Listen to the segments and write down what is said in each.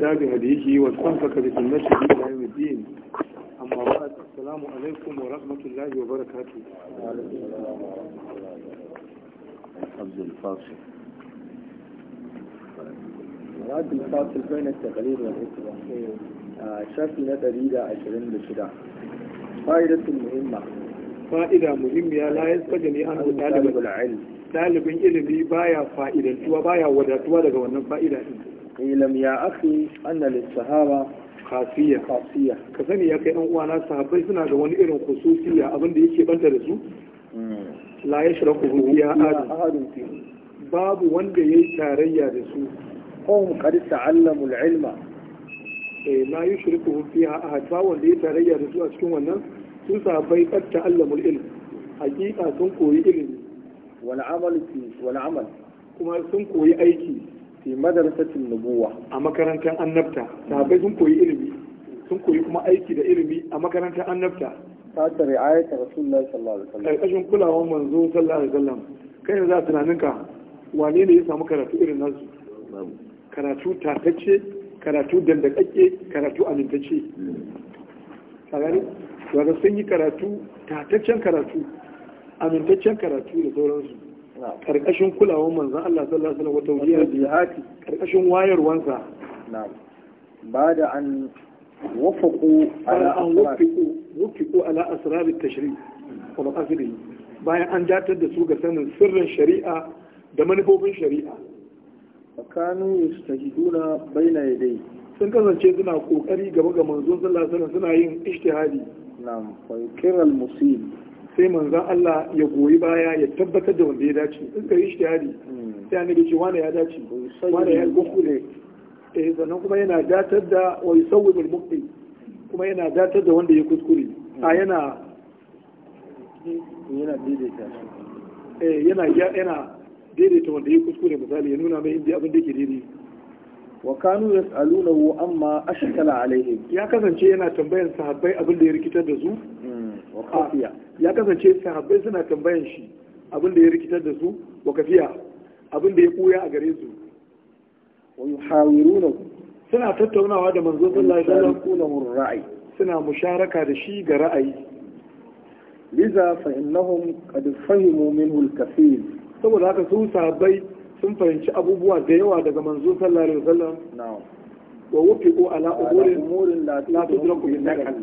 تاب هديه واستنفك بسنته الى يوم الدين اما بعد السلام عليكم ورحمه الله وبركاته الحمد الفاصل الحمد الفاصل بين التقليد والاتباع آه، شكل نظري ده بشدة فائدة مهمة فائدة مهمة لا يستغني عنه طالب العلم طالب العلم بايا فائدة وبايا ودatuwa daga wannan fa'ida din ilam ya akhi anna sahaba khasiyya khasiyya ka sani ya kai ɗan uwana sahabbai suna da wani irin khususiyya abin da yake banta da su hmm. la yashraku bi ahadun babu wanda yayi tarayya da su qawm qad ta'allamu al-ilma eh la yushriku fiha ahad ba wanda yayi tarayya da su a cikin wannan Sun sahabbai qad ta'allamu al-ilm hakika sun koyi ilimi wal amal fi wal amal kuma sun koyi aiki fi madarsatin nubuwa a makarantar annabta sahabbai sun koyi ilimi sun koyi kuma aiki da ilimi a makarantar annabta ta ta ri'ayat rasulullah sallallahu alaihi wasallam kashin kulawar manzo sallallahu alaihi wasallam kai yanzu a tunaninka wane ne ya samu karatu irin nasu karatu tatacce karatu dandakakke karatu amintacce a gani daga sun yi karatu tataccen karatu amintaccen karatu da sauransu karkashin kulawar manzan Allah sallallahu alaihi wasallam wa tawjihar jihati karkashin wayarwansa na'am ba da an wafaku ala an wafiku wafiku ala asrar at-tashri' wa maqasidihi bayan an datar da su ga sanin sirrin shari'a da manufofin shari'a fakanu yastahiduna baina yadayhi sun kasance suna kokari gaba ga manzon sallallahu alaihi wasallam suna yin ijtihadi na'am fa yukira al-musib sai manzan Allah ya goyi baya ya tabbatar da wanda ya dace in ka yi ishtihadi hmm. sai an ce wane ya dace wane ya gukule eh sannan kuma yana datar da wa yusawwibul muqti kuma yana datar da wanda ya kuskure hmm. a yana yana daidaita eh yana yana daidaita wanda ya kuskure misali ya nuna mai inda abin da ke daidai wa kanu yas'alunahu amma ashkala alaihim ya kasance yana tambayar sahabbai abin da ya rikitar da su hmm. kafiya ya kasance sahabbai suna tambayan shi abin da ya rikitar da su wa kafiya abin da ya koya a gare su wa suna tattaunawa da manzo sallallahu alaihi wasallam kuna ra'ayi suna musharaka da shi ga ra'ayi liza fa innahum qad fahimu minhu al-kathir saboda haka su sahabbai sun fahimci abubuwa da yawa daga manzo sallallahu alaihi wasallam na'am wa wufiqu ala umurin la tudraku bin nakal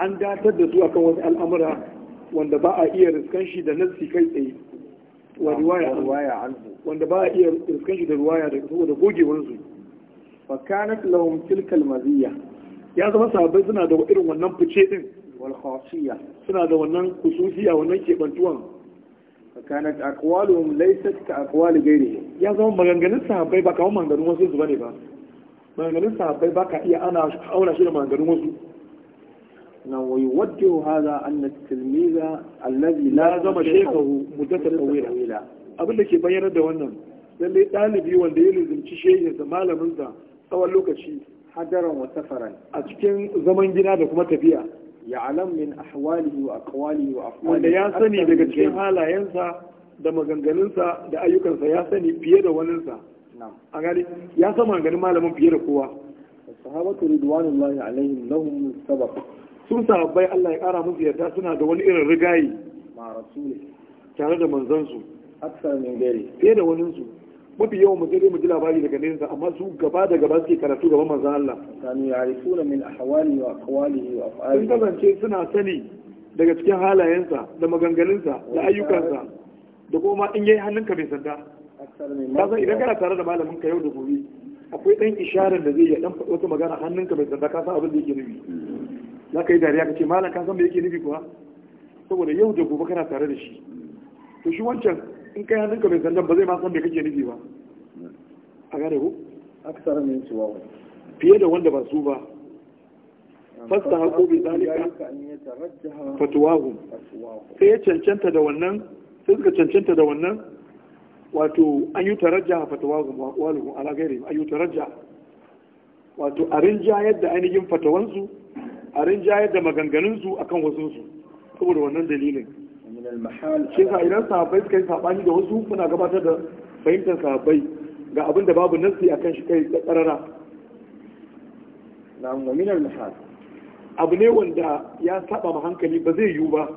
an datar da su akan wasu al'amura wanda ba a iya riskan shi da nassi kai tsaye wa riwaya anhu wanda ba a iya riskan shi da riwaya da saboda gogewar su fa kanat lahum tilka almaziya ya zama sahabbai suna da irin wannan fice din wal khasiyya suna da wannan khususiya wannan kebantuwan fa kanat aqwaluhum laysat ka aqwal ghayrihi ya zama maganganun sahabbai ba kamar maganganun wasu su bane ba maganganun sahabbai ba ka iya ana auna shi da maganganun wasu na wa yuwaddihu hadha anna at-tilmiza alladhi la zama shaykhahu muddatan tawila abin da ke bayyana da wannan lalle dalibi wanda ya lizimci malamin malaminsa tsawon lokaci hadaran wa safaran a cikin zaman gida da kuma tafiya ya'lam min ahwalihi wa aqwalihi wa afwalihi wanda ya sani daga cikin halayensa da maganganunsa da ayyukansa ya sani fiye da waninsa a gani ya san maganganun malamin fiye da kowa sahabatu ridwanullahi alaihim lahum sabaq sun sahabbai Allah ya kara musu yarda suna da wani irin rigayi ma tare da manzansu fiye da wani su mafi yawan mu sai mu ji labari daga nesa amma su gaba da gaba suke karatu gaban manzon Allah kanu ya'rifuna min ahwali wa aqwalihi wa af'alihi sun kasance suna sani daga cikin halayensa da maganganunsa da ayyukansa da kuma in yayi hannunka bai sanda kasan idan kana tare da malamin ka yau da gobe akwai dan isharar da zai ya dan faɗi wata magana hannunka bai sanda ka san abin da yake nufi za ka yi dariya ka ce malam ka san me yake nufi kuwa saboda yau da gobe kana tare da shi to shi wancan in kai hannunka mai sandan ba zai ma san me kake nufi ba a gane ku aksara min suwa fiye da wanda ba su ba fasta haƙo bi zalika fatuwahu sai ya cancanta da wannan sai suka cancanta da wannan wato an yi tarajja fatuwahu waluhum ala gairi an yi tarajja wato a rinja yadda ainihin fatawansu a rinjayar da maganganunsu akan wasunsu saboda wannan dalilin shi sa idan sahabbai suka yi sabani da wasu kuna gabatar da fahimtar sahabbai ga abin da babu a akan shi kai da tsarara na abu ne wanda ya saba ma hankali ba zai yiwu ba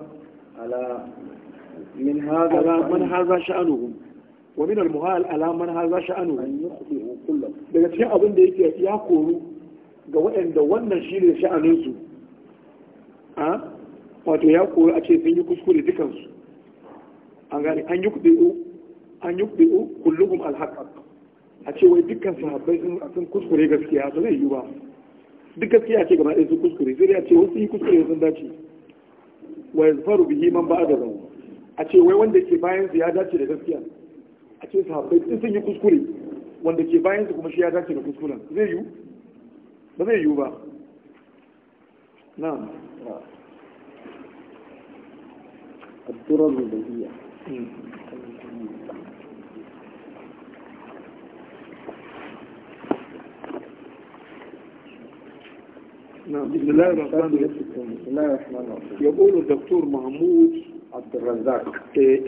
ala min za shi man haza wa min al muhal ala man haza sha'anuhum daga cikin abin da yake ya koru ga waɗanda wannan shi ne sha'aninsu a wato ya koyi a ce sun yi kuskure dukansu an gani an yi kuɗe'o an yi kuɗe'o kullum alhaƙa a ce wai dukkan sahabbai sun kuskure gaskiya su zai yi ba duk gaskiya ce gaba ɗaya sun kuskure sai a ce wasu yi kuskure sun dace wa yazfaru bihi man ba'a da zama a ce wai wanda ke bayan su ya dace da gaskiya a ce sahabbai sun yi kuskure wanda ke bayan su kuma shi ya dace da kuskuren zai yi بدي يوبا نعم الدرر البيئية نعم بسم الله الرحمن الرحيم يقول الدكتور محمود عبد الرزاق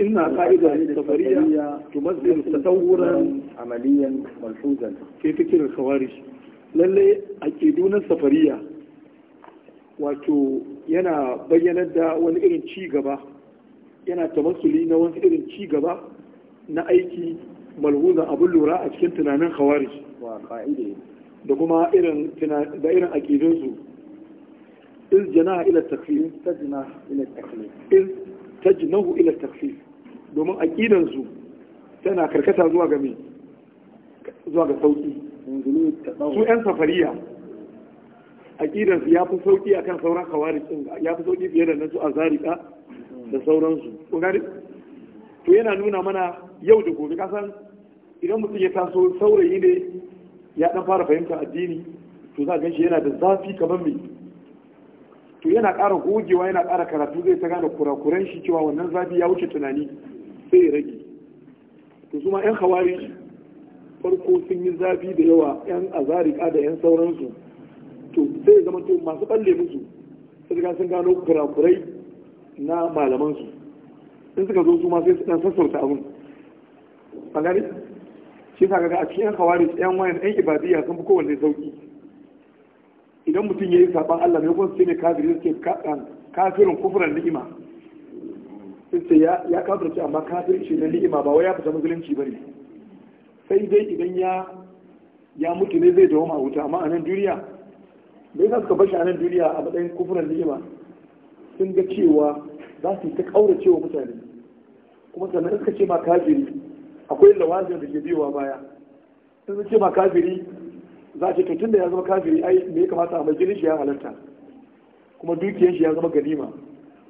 إن قاعدة السفرية تمثل تطورا عمليا ملحوظا في فكر الخوارج lalle a na safariya wato yana bayyanar da wani irin ci gaba yana tamasuli na wani irin ci gaba na aiki malhuzan abin lura a cikin tunanin khawarij da kuma irin da irin aƙidunsu iz jana ila takfir tajna ila takfir iz tajnahu ila takfir domin tana karkata zuwa ga me zuwa ga sauki su 'yan safariya su ya fi sauƙi a kan sauran kawaricin ya fi sauƙi fiye da nasu a zarika da sauransu to yana nuna mana yau da gobe kasan idan mutum ya taso saurayi ne ya ɗan fara fahimtar addini to za a ganshi yana da zafi kamar mai to yana ƙara gogewa yana ƙara karatu zai ta gane kurakuran shi cewa wannan zafi ya wuce tunani sai ya rage to su ma 'yan kawari farko sun yi zafi da yawa yan azarika da yan sauransu to sai zama to masu balle musu sai ga sun gano kurakurai na malamansu in suka zo su ma sai su dan sassauta abin a gani shi sa ga a cikin yan hawari yan wayan yan ibadiyya sun fi kowanne sauki idan mutum ya yi saban Allah ne kuma sai ne kafiri suke um, kafirin kufuran ni'ima sai ya kafirci amma kafirci na ni'ima ba wai ya fita musulunci ba ne sai dai idan ya mutu ne zai dawo wuta amma a nan duniya bai za suka bashi a nan duniya a matsayin kufuran ni'ima sun ga cewa za su yi ta ƙaura cewa mutane kuma sannan suka ce ma kafiri akwai lawazin da ke biyowa baya sun ce ma kafiri za a ce to da ya zama kafiri ai me ya kamata a majalis ya halarta kuma dukiyar shi ya zama ganima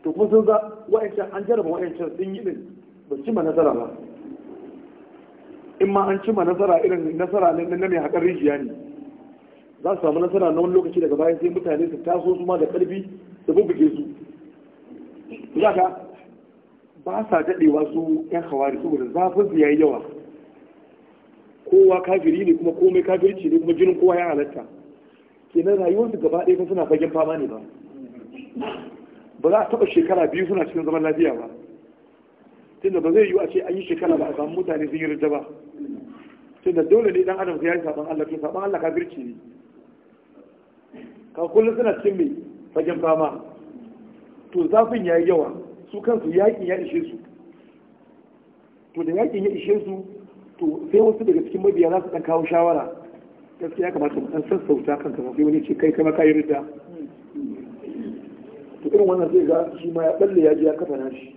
to kuma sun za wa'ancan an jarraba wa'ancan sun yi din ba ci ma nasara ba in ma an cima nasara irin nasara na mai haƙar rijiya ne za su samu nasara na wani lokaci daga bayan sai mutane su taso su ma da ƙarfi da bubbuge su za ka ba sa daɗewa su yan hawari saboda zafin su yayi yawa kowa kafiri ne kuma komai kafirci ne kuma jinin kowa ya halatta kenan rayuwarsu gaba ɗaya suna fagen fama ne ba ba za a taɓa shekara biyu suna cikin zaman lafiya ba tunda ba zai yiwu a ce an yi shekara ba a samu mutane sun yi rinta ba tunda dole ne dan adam ya yi saban Allah to saban Allah kafirci ne ka kullum suna cikin mai fagen fama to zafin ya yi yawa su kansu yakin ya ishe su to da yakin ya ishe su to sai wasu daga cikin mabiya za su dan kawo shawara gaskiya kamata mu ɗan sassauta kanka ba sai wani ce kai kama ka yi rinta to irin wannan zai ga shi ma ya balle ya ji ya kafa nashi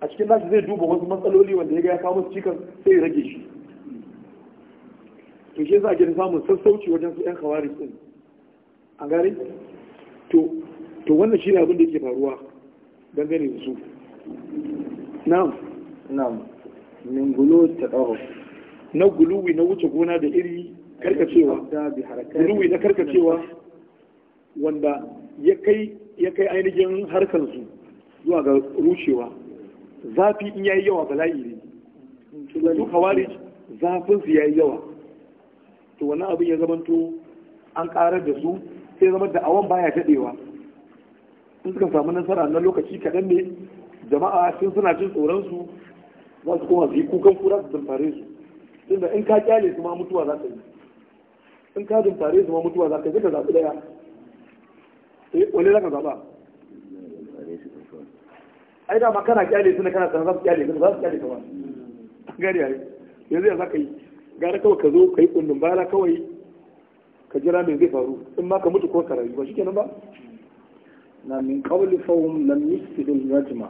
a cikin nashi zai duba wasu matsaloli wanda ya ga ya kawo cikas sai ya rage shi to shi yasa ake samun sassauci wajen su yan kawari sun a gari to to wannan shi ne abin da yake faruwa dangane da su na'am na'am min gulu ta dawo na guluwi na wuce gona da iri karkacewa guluwi na karkacewa wanda ya kai ainihin harkar su zuwa ga rushewa zafi in yayi yawa bala'i ne su kawari zafin su yayi yawa to wannan abin ya zamanto an karar da su sai zama da awon baya dadewa in suka samu nasara na lokaci kaɗan ne jama'a sun suna jin tsoron su za su koma su yi kukan kura su dumfare su tunda in ka kyale su ma mutuwa za ta yi in ka dumfare su ma mutuwa za ta yi ka zaɓi ɗaya eh, wani za ka zaɓa ai dama kana kyale su ne kana san za su kyale su za su kyale ka ba gari yayi yanzu yanzu ka yi gara kawai ka zo ka yi kundin bala kawai ka jira me zai faru in ma ka mutu ko ka rayu ba kenan ba na min kawli fawm lam yufsidu rajma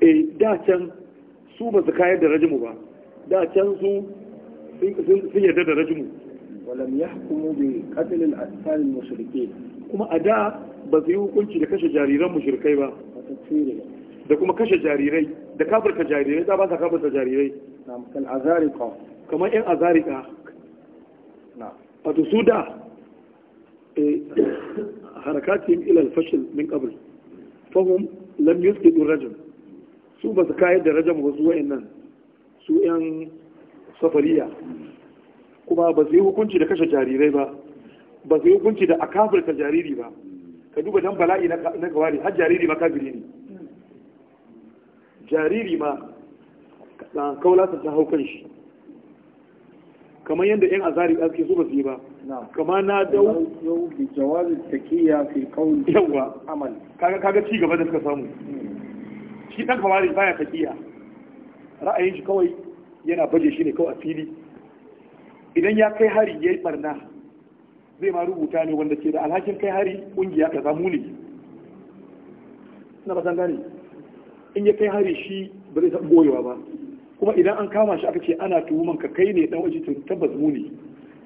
eh da can su ba su kayar da rajmu ba da can su sun yarda da rajmu walam yahkumu bi qatl al asfal al mushrikin kuma a da ba su yi hukunci da kashe jariran mushrikai ba da kuma kashe jarirai da kafirka jarirai ta ba sa kafirka jarirai kamar yan azarika a tusu da eh, a ila ilal fashil min fahim fahum ke yusqitu rajin, su ba su kayar da rajin wasu nan su yan safariya kuma ba su yi hukunci da kashe jarirai ba ba su yi hukunci da a kafirka jariri ba ka duba don bala'i na kawari har jariri ma kafiri ne jariri ma kaulasa ta hau shi kamar yadda yan azari ake su ba su yi ba kama na dau bi jawazin takiya fi Yau yawa amal kaga ci gaba da suka samu hmm. shi dan kawari baya takiya ra'ayin shi kawai yana baje shi ne kawai a fili idan ya kai hari yayi barna zai ma rubuta ne wanda ke da alhakin kai hari kungiya ka samu ne na ba san in ya kai hari shi ba zai taɓa goyewa ba kuma idan an kama shi aka ce ana tuhuman ka kai ne dan waje to tabbas mu ne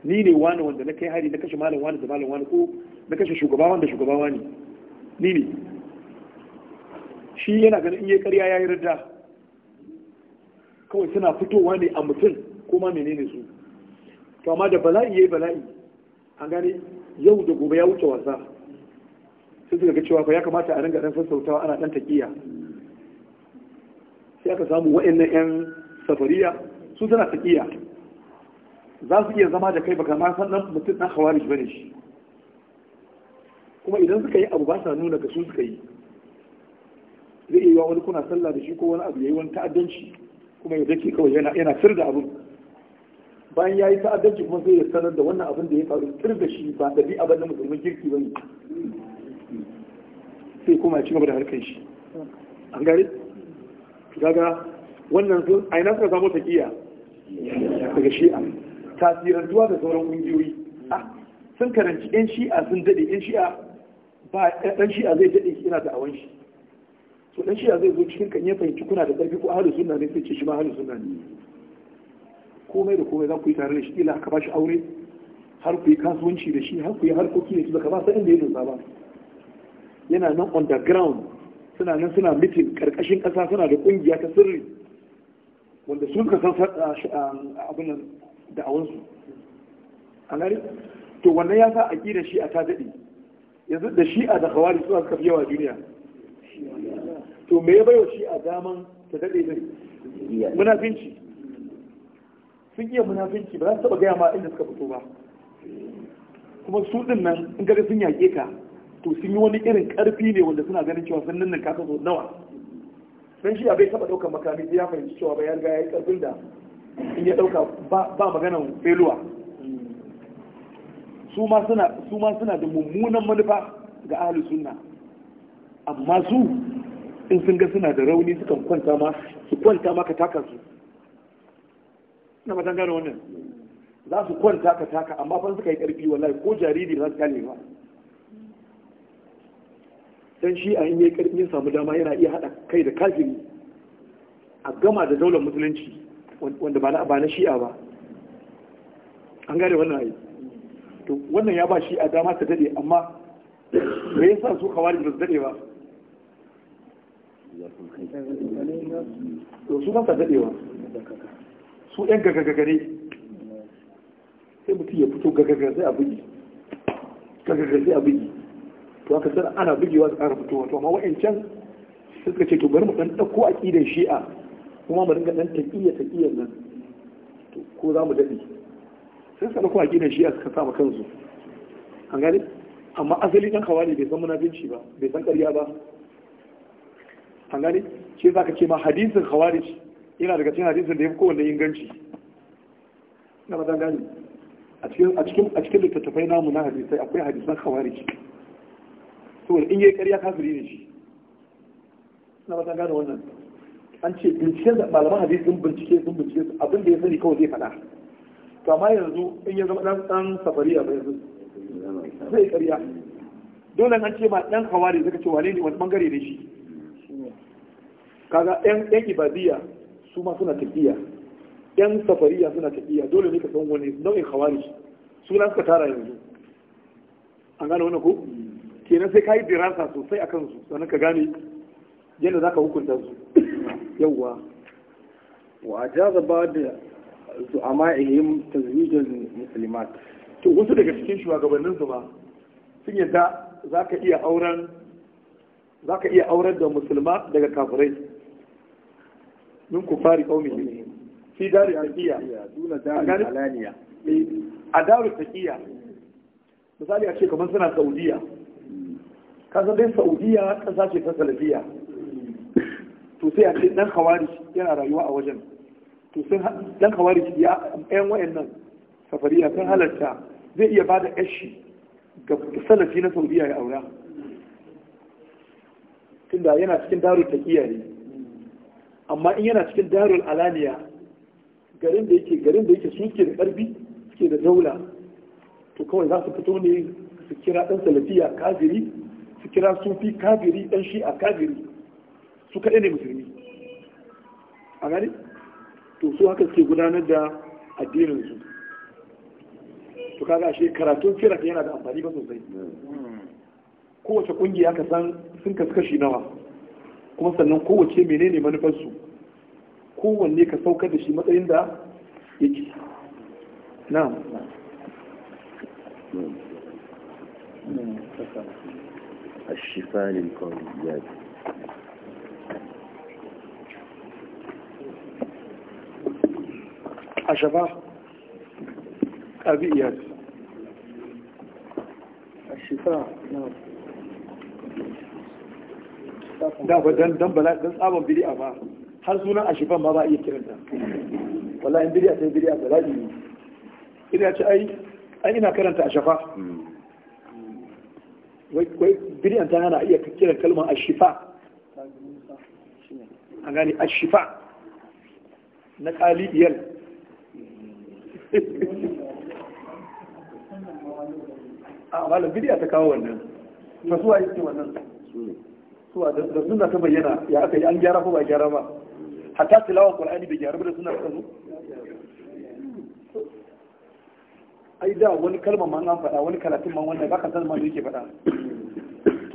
ni ne wani wanda na kai hari na kashe malam wani da malam wani ko na kashe shugaba wanda shugaba wani ni ne shi yana ganin in yi karya ya yi radda kawai suna fitowa ne a mutum ko ma menene su to amma da bala'i ya yi bala'i an gane yau da gobe ya wuce wasa sai suka ga cewa fa ya kamata a ringa dan sassautawa ana dan taƙiya sai aka samu wa'annan 'yan safariya su suna taƙiya za su iya zama da kai baka ma san mutum ɗan hawarij bane shi kuma idan suka yi abu ba sa nuna ga su suka yi zai iya wani kuna sallah da shi ko wani abu yayi wani ta'addanci kuma ya dake kawai yana yana sir da abu bayan ya yi ta'addanci kuma zai ya sanar da wannan abin da ya faru sir da shi ba ɗabi'a ba na musulmin girki ba ne sai kuma ya ci gaba da harkar shi an gare gaga wannan sun a ina suka samu taƙiya daga shi'a tasirantuwa da sauran ƙungiyoyi ah, sun karanci 'yan shi'a sun daɗe 'yan shi'a ba ɗan shi'a zai daɗe yana da awon shi to ɗan shi'a zai zo cikin kan ya fahimci kuna da ƙarfi ko ahalu sunna ne sai ce shi ma ahalu sunna ne komai da komai za ku yi tare da shi ila ka ba shi aure har ku yi kasuwanci da shi har ku yi harkoki da shi ka ba sa inda ya dosa ba yana nan on the ground suna nan suna mitin karkashin kasa suna da kungiya ta sirri wanda sun ka san abin da awansu a gari to wannan ya sa aƙidar shi a ta daɗe yanzu da shi a da kawari suna suka yawa duniya to me ya baiwa shi a daman ta daɗe ɗin munafinci sun iya munafinci ba za su taɓa gaya ma inda suka fito ba kuma su ɗin nan in gari sun yaƙe ka to sun yi wani irin karfi ne wanda suna ganin cewa sun nan kasa so nawa sun shi abai taba daukar makami ya fahimci cewa bai riga yi karfin da in ya dauka ba maganan feluwa su ma suna da mummunan manufa ga ahlus sunna amma su in sun ga suna da rauni sukan kwanta ma su kwanta ma ka taka su ina matan gane wannan za su kwanta ka taka amma fa suka yi karfi wallahi ko jariri za su kale ba dan shi a yi yayi karfin samu dama yana iya hada kai da kafiri a gama da daular musulunci wanda ba na shi'a ba an gane wannan ayi. to wannan ya ba shi a dama ta dade amma me yasa su kawari ba su dade ba to su ba dade ba. su yan gagagagare sai mutum ya fito gagagaga sai a bugi gagagaga sai a bugi to aka san ana bugewa su ƙara fitowa to amma wa'ancan suka ce to bari mu ɗan dauko aƙidan shi'a kuma mu dinga ɗan taqiyya taqiyyan nan to ko za mu dade sai sai dauko aƙidan shi'a suka sa kansu an gane amma asali ɗan kawali bai san munafinci ba bai san ƙarya ba an gane shi za ka ce ma hadisin hawari yana daga cikin hadisin da ya fi kowanne inganci na ba gane a cikin littattafai namu na hadisai akwai hadisan hawari. saboda in yi ƙarya kafiri ne shi na ba ta gane wannan an ce binciken da malaman hadisi sun bincike sun bincike abin da ya sani kawai zai faɗa to amma yanzu in ya zama dan dan safari a yanzu zai ƙarya dole an ce ma dan hawari zaka ce wane ne wani bangare ne shi kaga yan ɗan ibadiyya su ma suna tafiya yan safariya suna tafiya dole ne ka san wani nau'in hawari su na suka tara yanzu an gane wannan ko kenan sai ka yi dirasa sosai akan su sannan ka gane yadda za ka hukunta su yawwa wa ajaza ba da su amma ihim tazwijin muslimat to wasu daga cikin shugabannin su ba sun yadda za ka iya auren za ka iya auren da musulma daga kafirai min kufari ne fi dari taqiya duna dari alaniya eh, a dari tafiya. misali a ce kamar suna saudiya kasan dai saudiya ta ce ta salafiya to sai a ce dan hawari yana rayuwa a wajen to sun dan hawari ya yan wayannan safariya sun halarta zai iya bada yashi ga salafi na saudiya ya aura tunda yana cikin darul ta ne amma in yana cikin darul alaniya garin da yake garin da yake suke da karbi suke da daula to kawai za su fito ne su kira dan salafiya kafiri su kira sufi kabiri ɗan shi a kabiri su kaɗai ne musulmi a gani to su haka suke gudanar da addinin su to kaga shi karatun firak yana da amfani ba sosai kowace ƙungiya ka san sun kaskashi nawa kuma sannan kowace menene manufarsu kowanne ka saukar da shi matsayin da yake na'am الشفاء للقوليات الشفاء أبيات الشفاء نعم da ba dan bala dan tsaban bid'a ba har sunan ashifan ma ba iya kiranta Wala wallahi bid'a sai bid'a bala'i ina ce ai ai ina karanta a wai Biryanta ta hana iya kiran kalmar ashifa a gani ashifa na kalibiyar a malam bidiya ta kawo wannan ta suwa yake wannan suwa da suna ta bayyana ya aka yi an gyara ko ba gyara ba hatta tilawan kur'ani da gyara da suna ta ai da wani kalmar ma an faɗa wani karatun ma wannan ka san ma yake faɗa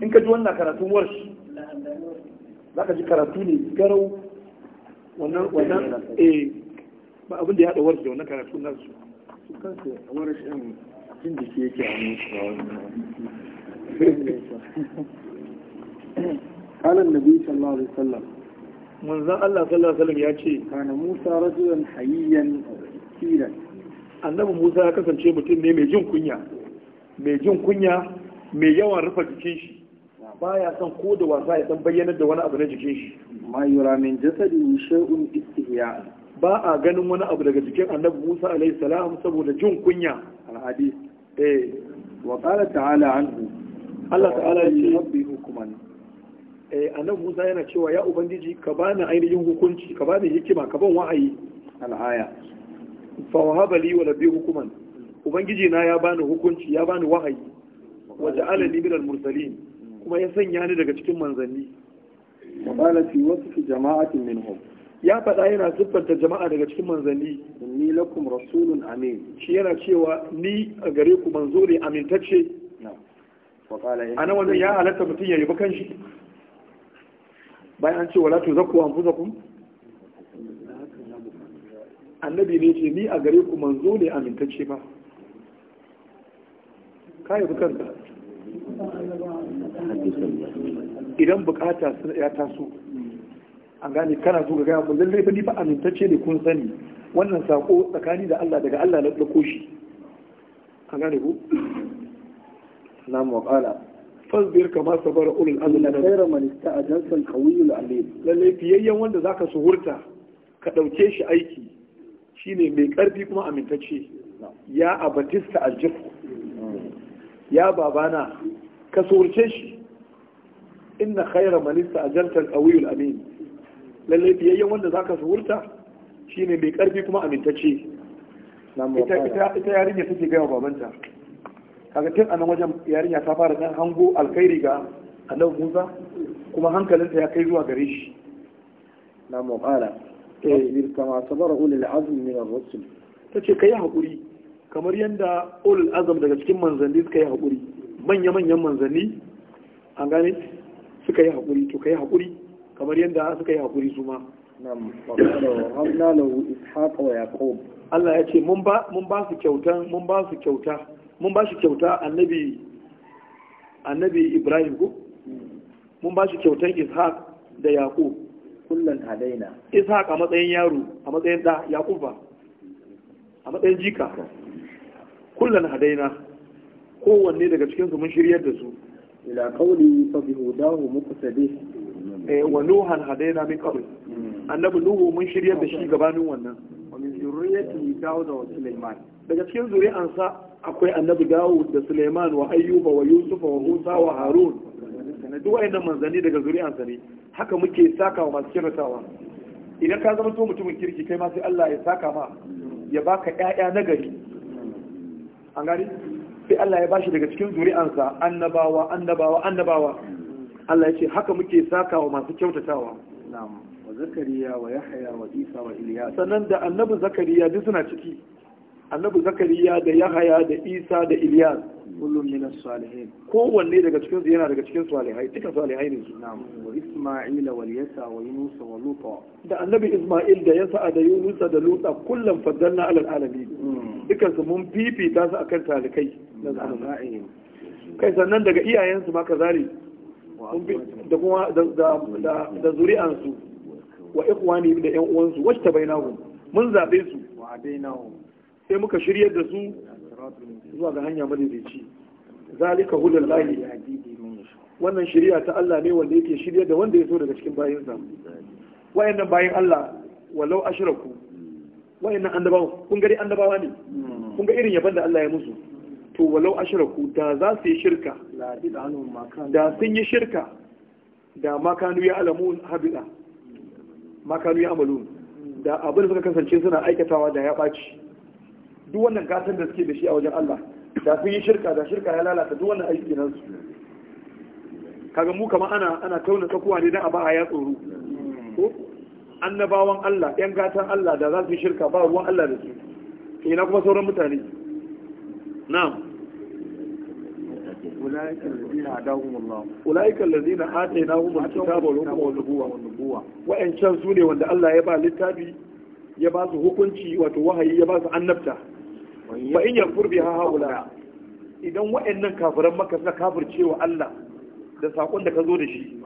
in ka ji wannan karatun warshi za ka ji karatu ne garau wannan wannan eh ba abin da ya haɗa warshi wannan karatu na su su kansu a warshi ɗin jin jiki yake a musu الله صلى الله عليه وسلم يأتي كان موسى رجلا حييا كثيرا annabi Musa ya kasance mutum ne mai jin kunya mai jin kunya mai yawan rufe jikin shi baya son ko da wasa ya san bayyanar da wani abu na jikin shi ma yura min jasadi shay'un istihya ba a ganin wani abu daga jikin annabi Musa alaihi salam saboda jin kunya al hadith eh wa qala ta'ala anhu Allah ta'ala ya ce rabbi hukuman eh annabi Musa yana cewa ya ubangiji ka bani ainihin hukunci ka bani hikima ka ban wa'ayi al aya fa wahaba li wa rabbi hukuman ubangiji na ya bani hukunci ya bani wahayi wa ja'alani minal mursalin kuma ya sanya ni daga cikin manzanni Kamala fi wasfi jama'atin minhum ya faɗa yana siffanta jama'a daga cikin manzanni Ni lakum rasulun amin shi yana cewa ni a gare ku manzo ne amintacce ana wannan ya halatta mutum ya yabi kanshi bayan an ce wala an zakku kun. annabi ne ce ni a gare ku manzo ne amintacce ba ka yabi kanka idan bukata ya taso an gane kana so ga gaya mun lallai fa ni fa amintacce ne kun sani wannan sako tsakani da Allah daga Allah na dauko shi an gane ku nan mu kala fasbir kama sabara ulul azmi khayra man ista'ajansa al-qawiyyu alim lallai fiyayyen wanda zaka suhurta ka dauke shi aiki shine mai karfi kuma amintacce ya abatista aljif ya babana ka surce shi inna khaira manista a jantar ƙawiyul amin lalle fiyayyen wanda za ka suhurta shine mai ƙarfi kuma amintacce ita yarinya take gaya babanta kaga tun a nan wajen yarinya ta fara ɗan hango alkhairi ga annabi musa kuma hankalinta ya kai zuwa gare shi na mu'ala eh kama sabara ulil azmi min ar-rusul tace kai hakuri kamar yadda ulul azam daga cikin manzanni suka yi haƙuri manya-manyan manzanni an gane suka yi haƙuri to ka yi haƙuri kamar yadda suka yi haƙuri su ma Allah ya ce mun ba su kyauta mun ba su kyauta mun ba shi kyauta annabi annabi Ibrahim ko mun ba shi kyautan Ishaq da Yaqub kullun hadaina Ishaq a matsayin yaro a matsayin da Yaqub ba a matsayin jika kullum hadaina kowanne daga cikinsu mun shiryar da su ila kauli fa bi hudahu muqtadi eh wa nuhan hadaina min qabl annabi nuhu mun shiryar da shi gabanin wannan wa min zurriyyati daud wa sulaiman daga cikin zuri'ansa akwai annabi daud da sulaiman wa ayyuba wa yusuf wa musa wa harun duk wayannan manzanni daga zuri'ansa ne haka muke saka wa masu kiratawa idan ka zama to mutumin kirki kai ma sai Allah ya saka ma ya baka ƴaƴa nagari an gari sai Allah ya bashi daga cikin zuri'ansa annabawa annabawa annabawa Allah ya ce haka muke sakawa masu kyautatawa na'am wa zakariya wa yahya wa isa wa Iliya. sannan da annabi zakariya duk suna ciki annabi zakariya da yahya da isa da ilyas kullum ne na salihin kowanne daga cikin su yana daga cikin salihai duka salihai ne su na'am wa isma'ila wal yasa wa yunus wa luta da annabi isma'il da yasa da yunus da luta kullum faddalna ala alamin hmm. dukan su mun fifita su akan talikai na zamanin kai sannan daga iyayen su ma kazari da kuma da da zuri'ansu wa ikwani da yan uwansu wacce ta bainahu mun zabe su wa sai muka shiryar da su zuwa ga hanya madaidaici zalika hudul lahi wannan shari'a ta Allah ne wanda yake shirya da wanda ya so daga cikin bayin sa wayannan bayin Allah walau ashraku wayannan annabawa kun gari annabawa ne kun ga irin yaban da Allah ya musu to walau ashraku da za su yi shirka da sun yi shirka da makanu ya alamu habida makanu ya amalu da abin suka kasance suna aikatawa da ya ɓaci duk wannan gasar da suke da shi a wajen Allah da fi yi shirka da shirka ya lalata duk wannan aiki nan su kaga mu kamar ana ana tauna tsakuwa ne dan a ba a ya tsoro ko annabawan Allah yan gatan Allah da za su yi shirka ba ruwan Allah da su ina kuma sauran mutane na'am أولئك الذين هداهم الله Wa'ancan su ne wanda Allah ya ba littafi ya ba su hukunci, wato wahayi ya ba su annabta ba in yakfur biha haula idan wa'annan kafiran maka suka kafirce wa Allah da sakon da ka zo da shi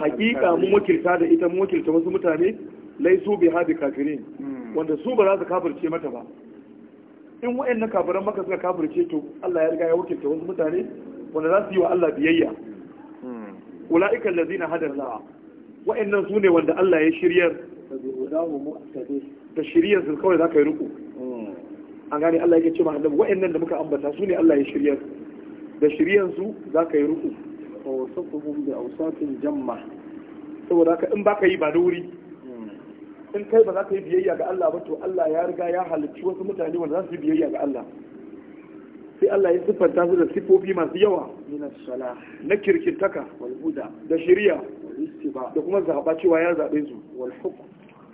hakika mun wakilta da ita mun wakilta wasu mutane laisu bi hadi kafirin hmm. wanda su ba za su kafirce mata ba in wa'annan kafiran maka suka kafirce to Allah ya riga ya wakilta wasu mutane wanda za su yi wa Allah biyayya hmm. ula'ikan lazina hadar la'a wa'annan su ne wanda Allah ya shiryar da shiryar su kawai za ka yi ruku an gane Allah yake ce ma annabi wa'annan da muka ambata su ne Allah ya shirya da shiryan su za ka yi ruku wa wasafuhum bi awsatin jamma saboda ka in baka yi ba da wuri hmm. in kai ba za ka yi biyayya ga Allah ba to Allah ya riga ya halicci wasu mutane wanda za su yi biyayya ga Allah sai Allah ya siffanta su da sifofi masu yawa na kirkintaka da shirya da kuma zaɓa cewa ya zaɓe su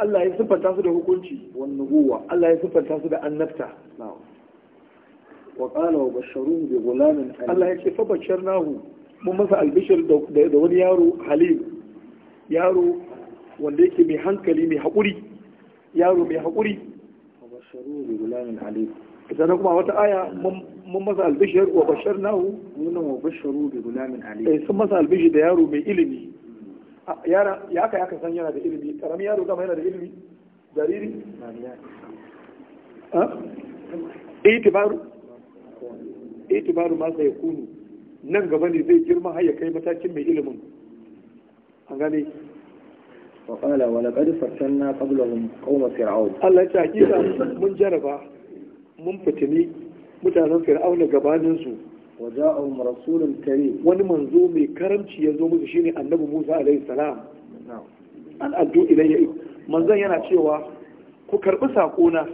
Allah ya siffanta su da hukunci wannan nubuwa Allah ya siffanta su da annabta wa qala wa basharu bi ghulamin halim Allah ya ce fa basharnahu mun masa albishir da wani yaro halim yaro wanda yake mai hankali mai hakuri yaro mai hakuri wa basharu bi ghulamin halim idan kuma wata aya mun masa albishir wa basharnahu mun wa basharu bi ghulamin halim sai eh, sun masa albishir da yaro mai ilimi ya aka san yana da ilimi karami yaro dama yana da ilimi jariri itibaru itibaru ma nan gaba ne zai girma har kai matakin mai ilimin an gane وقال ولقد فتنا قبلهم fir'aun Allah الله تعالى mun jaraba mun fitini mutanen فرعون gabanin su وجاءهم رسول كريم ولمنزو مي كرمشي يزو musu shine annabi Musa alaihi salam an addu ilayya manzon yana cewa ku karbi sako na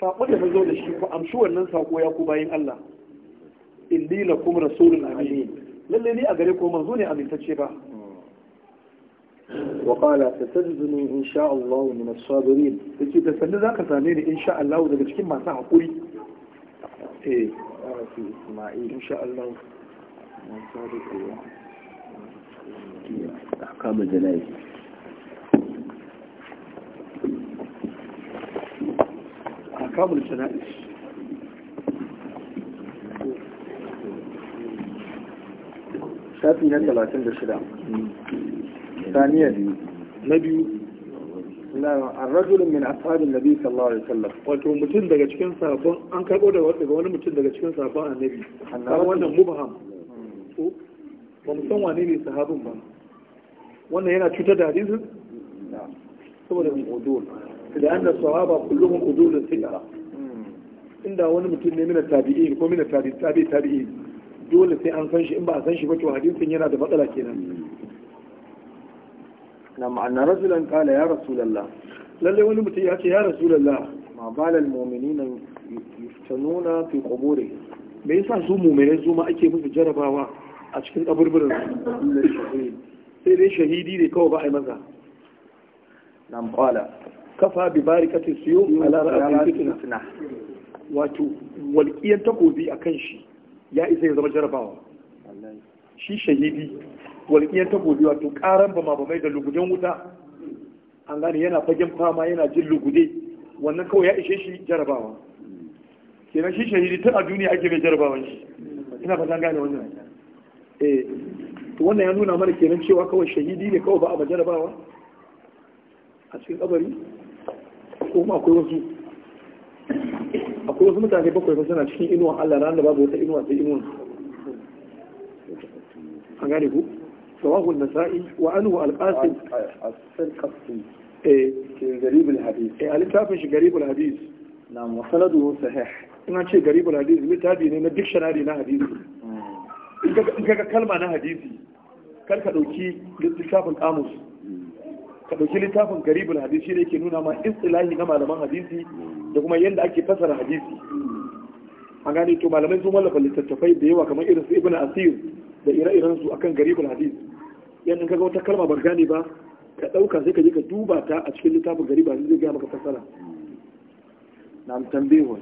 sako da zo da shi ku amshi wannan sako ya ku bayin Allah inni lakum rasulun amin lalle ni a gare ku manzo ne amintacce ba وقال ستجدني إن شاء الله من الصابرين تجد سنة ذاك سامي إن شاء الله daga cikin masu hakuri eh. في إسماعيل إن شاء الله نصادق الله أحكام الجنائز أحكام الجنائز شافي هنا 36 ثانيا نبي الرجل من أصحاب النبي صلى الله عليه وسلم wato mutum daga cikin sabon an karbo daga ga wani mutum daga cikin sabon annabi kan wannan mubham to ba mu san wane ne sahabin ba wannan yana cutar da hadisi saboda mu udul da anna sahaba kulluhum udul thiqa hmm. inda wani mutum ne mina tabi'i ko mina tabi'i tabi'i dole sai an san shi in ba a san shi ba to hadisin yana da matsala kenan hmm. na ma'ana rasulan kala ya rasulallah lallai wani mutum ya ce ya rasulallah ma balal mu'minina nuna fi quburi me yasa su mu'minai su ma ake musu jarabawa a cikin kaburburin sai dai shahidi ne kawai ba a yi maza na kwala kafa bi barikatin siyo a ra'atin fitna wato walƙiyar takobi a kan shi ya isa ya zama jarabawa shi shahidi walƙiyar takobi wato ƙaran ba mabamai da lugudan wuta an gane yana fagen fama yana jin lugude wannan kawai ya ishe shi jarabawa kenan shi shahidi tun a duniya ake mai jarabawan shi ina zan gane wannan eh wannan ya nuna mana kenan cewa kawai shahidi ne kawai ba a jarabawa a cikin kabari ko ma akwai wasu akwai wasu mutane bakwai ba suna cikin inuwa Allah ranar da babu wata inuwa sai inuwa an gane ku رواه النسائي وأنه القاسم القاسم في غريب الحديث هل تعرف غريب الحديث نعم وسنده صحيح ina ce garibul hadisi littafi ne na dictionary na hadisi in ka kalma na hadisi kar ka ɗauki littafin kamus ka ɗauki littafin garibul hadisi shi yake nuna ma istilahi na malaman hadisi da kuma yadda ake fasara hadisi an gane to malamai sun wallafa littattafai da yawa kamar irin su ibn asir da ire-iren su akan garibul hadisi yadda kaga wata kalma ba gane ba ka ɗauka sai ka je ka duba ta a cikin littafin gari ba zai gaya maka fassara na'am na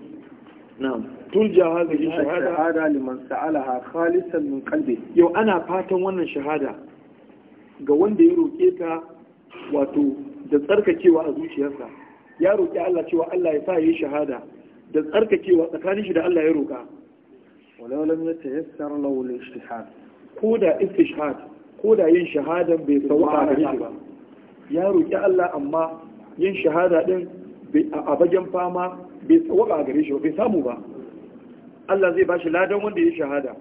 na'am tulja hadhihi shahada shahada liman sa'alaha khalisan min qalbi yau ana fatan wannan shahada ga wanda ya roke ta wato da tsarkakewa a zuciyarsa ya roki Allah cewa Allah ya sa yi shahada da tsarkakewa tsakanin shi da Allah ya roka walau lam yatayassar lahu al-ijtihad ko da istishhad ko da yin shahadan bai sauka da shi ba ya roƙi Allah amma yin shahada din a bagen fama bai sauka a gare shi bai samu ba Allah zai bashi ladan wanda ya shahada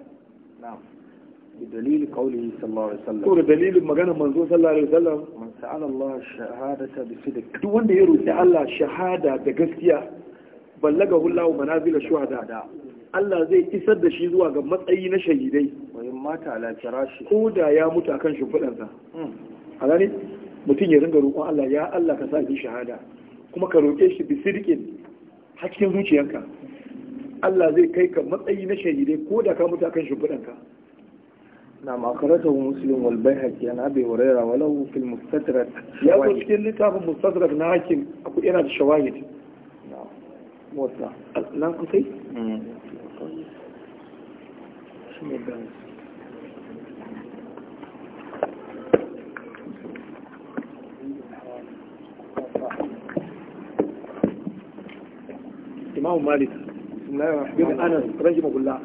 بدليل قوله صلى الله عليه وسلم كور دليل مغانا منزو صلى الله عليه وسلم من سأل الله الشهادة بصدق دو وند يرو Allah zai isar da shi zuwa ga matsayi na shahidai mata ala firashi ko da ya mutu akan shimfiɗansa hmm. a gane mutum ya ringa roƙon Allah ya Allah ka sa shi shahada kuma ka roƙe shi bisirƙin sirkin hakkin zuciyarka Allah zai kai ka matsayi na shahidai ko da ka mutu akan shimfiɗanka نعم أخرجه مسلم والبيهقي عن أبي هريرة وله في المستدرك يا أبو سكين لتاب المستدرك ناكم أكو إنا الشواهد نعم موسى نعم أخي نعم الإمام مالك بسم الله الرحمن الرحيم أنس رحمه الله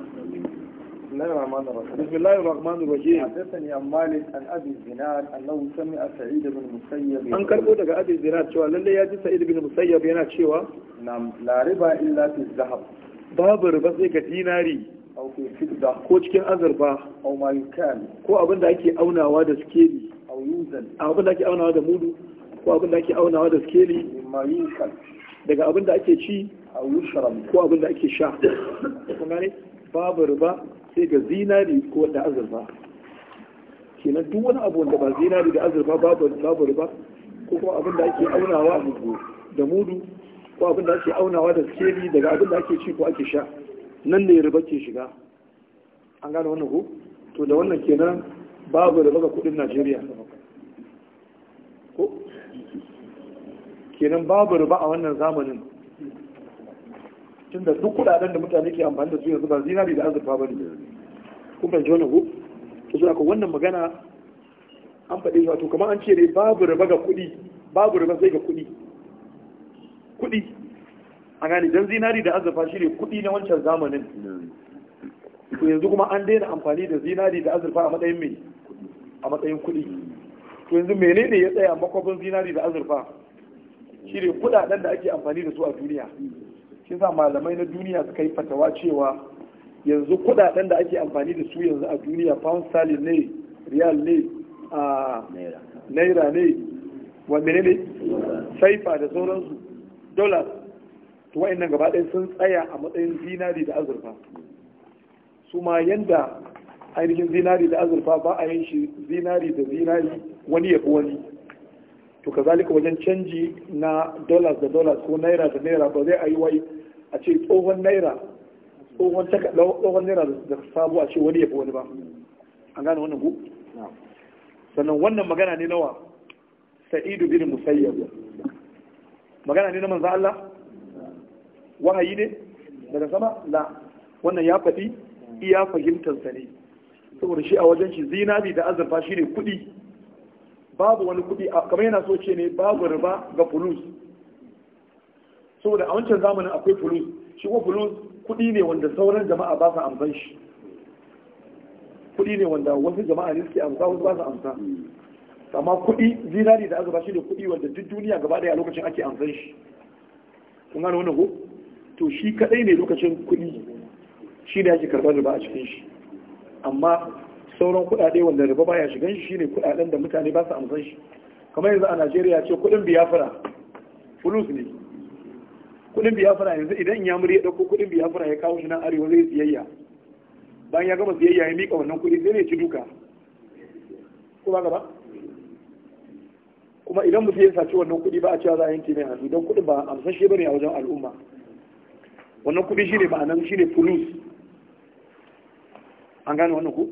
بسم الله الرحمن الرحيم بسم الله الرحمن الرحيم حدثني عن مالك عن أبي الزناد أنه سمع سعيد بن المسيب أن كان قولك أبي الزناد شوى للي يجي سعيد بن المسيب هنا شوى نعم لا ربا إلا في الذهب باب ربا سيك ديناري أو في فضة ko cikin azurfa أو ما يكان كو أبن داكي أونا وادا سكيلي أو يوزن أبن داكي أونا وادا مولو كو أبن داكي أونا وادا سكيلي da skeli daga abin da ake ci a wusharam ko abin da ake sha kuma ne babu riba sai ga zinari ko da azurfa kenan duk wani abu wanda ba zinari da azurfa babu babu riba ko kuma abin da ake aunawa da mudu ko abin da ake aunawa da sikeli daga abin da ake ci ko ake sha nan ne riba ke shiga an gane wannan ko to da wannan kenan babu riba ga kudin Najeriya ko kenan babu ruba a wannan zamanin tunda duk kudaden da mutane ke amfani da su yanzu ba zinari da azurfa ba ne Kuma ji wannan ko. su aka wannan magana an faɗi wato kamar an ce dai babu ruba ga kuɗi babu ruba sai ga kuɗi kuɗi a gane dan zinari da azurfa shi ne kuɗi na wancan zamanin yanzu kuma an daina amfani da zinari da azurfa a matsayin mai a matsayin kuɗi to yanzu menene ya tsaya makwabin zinari da azurfa shi ne kudaden da ake amfani da su a duniya shi sa malamai na duniya suka yi fatawa cewa yanzu kudaden da ake amfani da su yanzu a duniya pound sterling ne riyal ne a naira ne wanda ne ne saifa da sauransu dollars to wa'annan gaba ɗaya sun tsaya a matsayin zinari da azurfa su ma yanda ainihin zinari da azurfa ba a yin shi zinari da zinari wani ya wani to kazalika wajen canji na dollars da dollars ko naira da naira ba zai ayi wai a ce tsohon naira tsohon tsohon naira da sabo a ce wani ya fi wani ba an gane wannan ku sannan wannan magana ne nawa sa'idu bin musayyab magana ne na manzo Allah wahayi ne daga sama la wannan ya faɗi iya fahimtar sa ne saboda shi a wajen shi zinari da azurfa shine kuɗi babu wani kuɗi kamar yana so ce ne babu riba ga fulus saboda a wancan zamanin akwai fulus shi ko fulus kuɗi ne wanda sauran jama'a ba su amsan shi kuɗi ne wanda wasu jama'a ne suke amsa wasu ba su amsa amma kuɗi zinari da azaba shi da kuɗi wanda duk duniya gaba ɗaya a lokacin ake amsan shi kun gane wannan ko to shi kaɗai ne lokacin kuɗi shi ne ake karɓar riba a cikin shi amma sauran kudade wanda riba baya shigan shi shine kuɗaɗen da mutane ba su amsan shi kamar yanzu a Najeriya ce kuɗin biyafara, fulus ne kuɗin biyafara yanzu idan ya muri ya dauko kuɗin biyafara ya kawo shi nan arewa zai siyayya bayan ya gama siyayya ya mika wannan kuɗi zai ne ci duka ko ba gaba kuma idan mutum ya saci wannan kuɗi ba a cewa za a yanke mai hannu don kudin ba amsan shi bane a wajen al'umma wannan kuɗi shine ma'anan shine fulus an gane wannan ku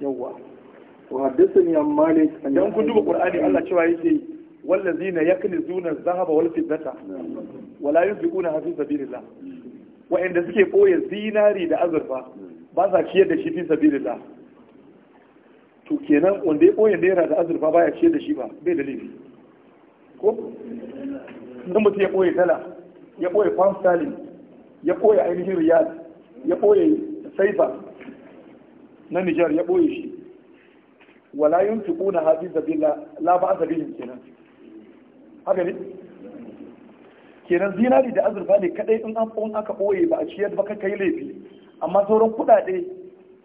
yawwa wa haddathani an malik dan kun duba qur'ani Allah cewa yake wallazina yaknizuna adh-dhahaba wal fiddata wala yunfiquna fi sabilillah wa'anda suke boye zinari da azurfa ba za ki yadda shi fi sabilillah to kenan wanda ya boye naira da azurfa ba ya ciyar da shi ba bai da ko in mutum ya boye dala ya boye pound sterling ya boye ainihin riyal ya boye saifa na Nijar ya ɓoye shi wala yin tuku na hajji zabila la ba a sabilin kenan haka ne kenan zinari da azurfa ne kadai in an fon aka ɓoye ba a ciyar ba ka kai laifi amma sauran kuɗaɗe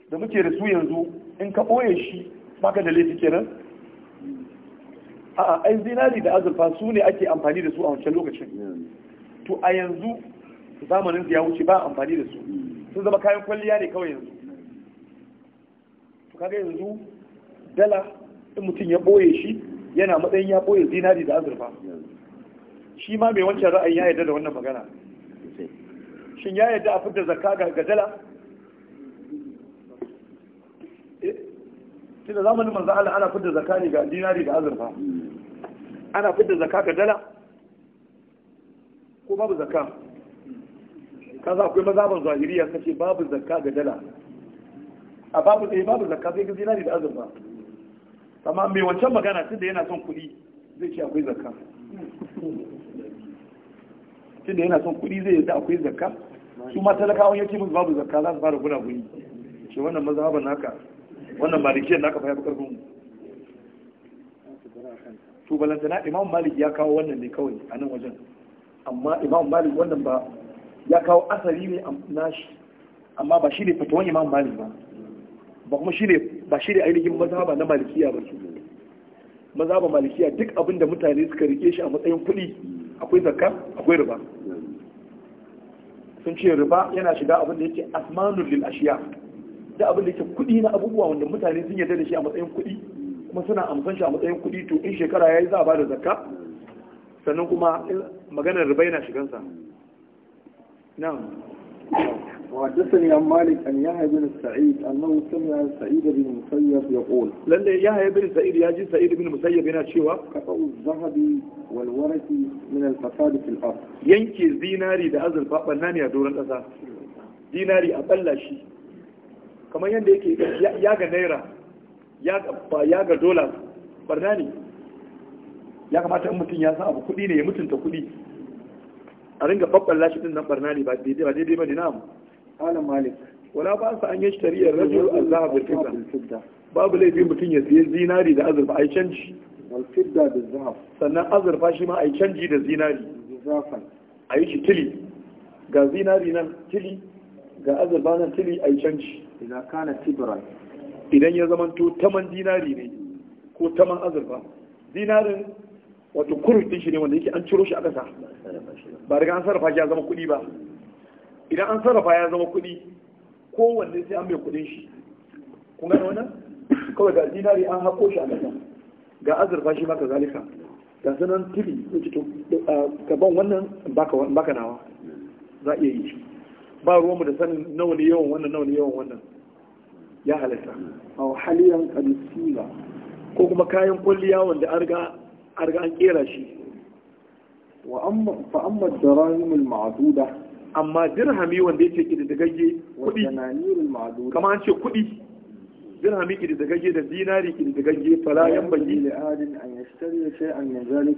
da muke da su yanzu in ka ɓoye shi baka da laifi kenan a'a ai zinari da azurfa su ne ake amfani da su a wancan lokacin to a yanzu zamanin ya wuce ba amfani da su sun zama kayan kwalliya ne kawai yanzu kaga yanzu dala in mutum ya boye shi yana matsayin ya boye zinari da azurfa shi ma mai wancan ra'ayin ya yarda da wannan magana shin ya yarda a fitar zakka ga dala eh, da zamanin manzo Allah ana fitar zakka ne ga dinari da azurfa ana fitar zakka ga dala ko babu zakka kaza akwai mazaban zahiriya kace babu zakka ga dala a babu ɗaya babu zakka sai ga zinari da azurfa amma mai wancan magana tunda yana son kuɗi zai ce akwai zakka tunda yana son kuɗi zai yadda akwai zakka su ma talakawan yake musu babu zakka za su fara guna guni ce wannan mazhaban naka wannan malikiyar naka fa ya fi karfin mu to balantana imam malik ya kawo wannan ne kawai a nan wajen amma imam malik wannan ba ya kawo asali ne a nashi amma ba shi ne fatawan imam malik ba ba kuma shi ne ba ne ainihin mazhaba na malikiya ba su mazhaba malikiya duk abin da mutane suka rike shi a matsayin kuɗi akwai zakka akwai riba sun ce riba yana shiga abin da yake asmanul lil ashiya da abin da yake kuɗi na abubuwa wanda mutane sun yarda da shi a matsayin kuɗi kuma suna amsan shi a matsayin kuɗi to in shekara yayi za a bada zakka sannan kuma maganar riba yana shigansa na'am وحدثني عن مالك أن يحيى بن سعيد أنه سمع سعيد بن مسيب يقول لأن يحيى بن سعيد يجي سعيد بن مسيب هنا شوى قطع الذهب والورث من الفساد في الأرض ينكي زيناري ده أزل فاقبا ناني أدور الأسا زيناري أبلا شيء كما يندي ياغا نيرا ياغا ياغا دولار برناني ya kamata in mutum ya san abu kuɗi ne ya mutunta kuɗi a ringa babban lashi din nan barna ba daidai ba daidai ba ne na'am qala malik wala ba sa an yashtari ar-rajul Allah bil fidda babu laifi mutum ya siye zinari da azurfa ai canji wal fidda da zahab sannan azurfa shi ma ai canji da zinari zafan ai shi tili ga zinari nan tili ga azurfa nan tili ai canji idan kana tibran idan ya zamanto taman zinari ne ko taman azurfa zinarin wato kurutun shi ne wanda yake an ciro shi a ƙasa ba riga an sarrafa shi ya zama kuɗi ba idan an sarrafa ya zama kuɗi kowanne sai an mai kuɗin shi kun gane wannan kawai ga dinari an hako shi a gasa? ga azurfa shi maka zalika ga sanan tili ka ban wannan baka nawa za a iya yi ba ruwanmu da sanin nawa ne yawan wannan nawa ne yawan wannan ya halitta a haliyan kadisila ko kuma kayan kulliya wanda an riga an kera shi wa amma fa amma darahimul ma'duda amma dirhami wanda yake kididdigagge kuɗi kamar an ce kuɗi dirhami kididdigagge da dinari kididdigagge fala yan bagi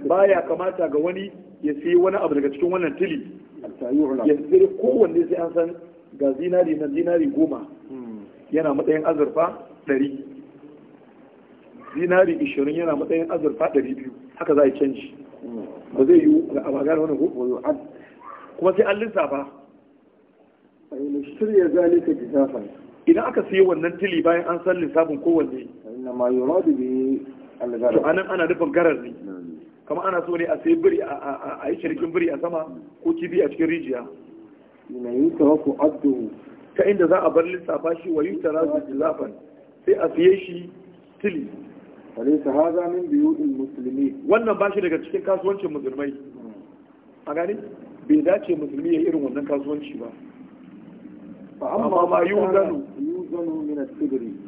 baya kamata ga wani ya sai wani abu daga cikin wannan tili ya sai kowanne sai an san ga dinari na dinari goma hmm. yana matsayin azurfa ɗari dinari ishirin yana matsayin azurfa ɗari biyu haka za a yi canji hmm. ba zai yi a magana wani ko kuma sai an lissafa shirya zalika jisafa idan aka siya wannan tili bayan an san lissafin kowanne inna ma yuradu bi al-gharar to anan ana nufin garar ne Kama ana so ne a sayi biri a yi shirkin biri a sama ko kibi a cikin rijiya Ina yi tarafu abduhu ta inda za a bar lissafa shi wa yi su jizafan sai a siye shi tili falaisa haza biyu in musulmi wannan ba shi daga cikin kasuwancin musulmai hmm. a gani bai dace musulmi ya irin wannan kasuwanci ba amma ma yi wuzanu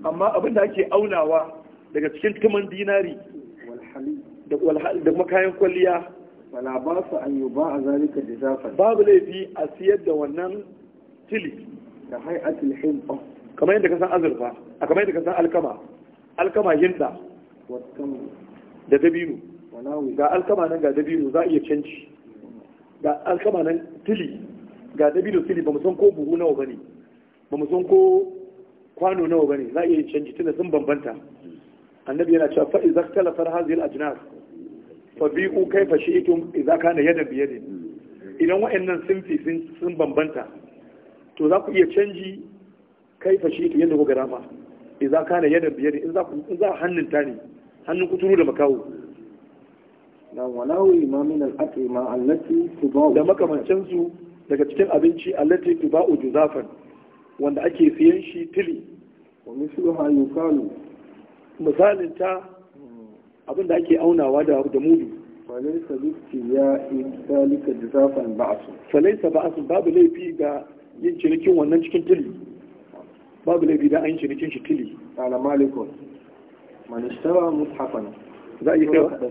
amma abinda ake aunawa daga cikin tuman dinari da makayan kwalliya wala ba su an yi ba a zalika babu laifi a siyar da wannan tili da hay'atul himba kamar yadda ka san azurfa a kamar yadda ka san alkama alkama hinda da dabino ga alkama nan ga dabino za a iya canci ga alkama nan tili ga dabino tili ba mu san ko buhu nawa bane ba mu san ko kwano nawa bane za a iya canji tunda sun bambanta annabi yana cewa fa idza fara hadhihi al-ajnas fa bi'u kayfa shi'tum idza kana yadan bi yadin idan wa'annan nan sun bambanta to za ku iya canji kayfa shi'tum yadda kuka dama idza kana yadan bi yadin in za ku in za hannun tani hannun kuturu da makawo nan walawi ma min al-aqima allati tuba'u da makamancin daga cikin abinci allati tuba'u juzafan wanda ake siyan shi tili wa misalin ta abin da ake aunawa da da mudu falaisa bi ya in dalika juzafan ba'su falaisa ba'su babu laifi ga yin cinikin wannan cikin tili babu laifi da an cinikin shi tili ala malikun man mushafan za a yi kai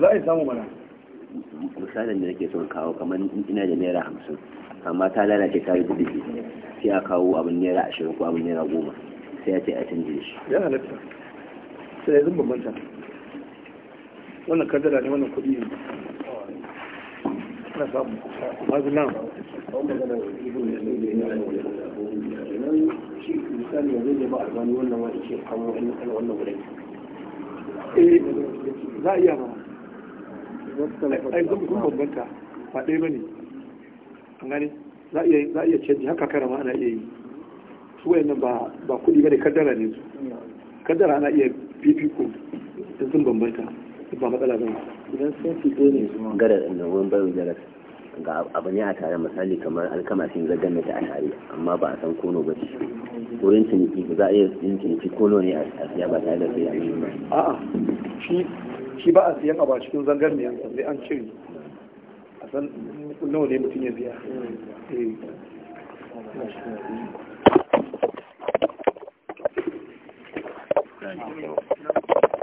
za a yi samu mana misalin da nake son kawo kamar ina da naira hamsin amma ta lalace ta yi dubu sai a kawo abin naira ashirin ko abin naira goma sai a ce a canje shi sai wannan ne wannan kuɗi ne na samu nan eh, za a iya ba ai zan kun bambanta ba ɗaya bane an gane za iya za iya canji haka karama ana iya yi su wayannan ba ba kuɗi bane kaddara ne su kaddara ana iya fifiko in sun bambanta ba matsala bane idan sun fito ne su gara da ruwan bayan gara ga abu ne a tare misali kamar alkama sun zagan ta a tare amma ba a san kono ba shi wurin ciniki ba za a iya yin ciniki kono ne a siya ba tare da sai a yi ba a'a shi shi ba a siyan abu a cikin zangar mai yanzu sai an cire a san nawa ne mutum ya biya Thank eh. you.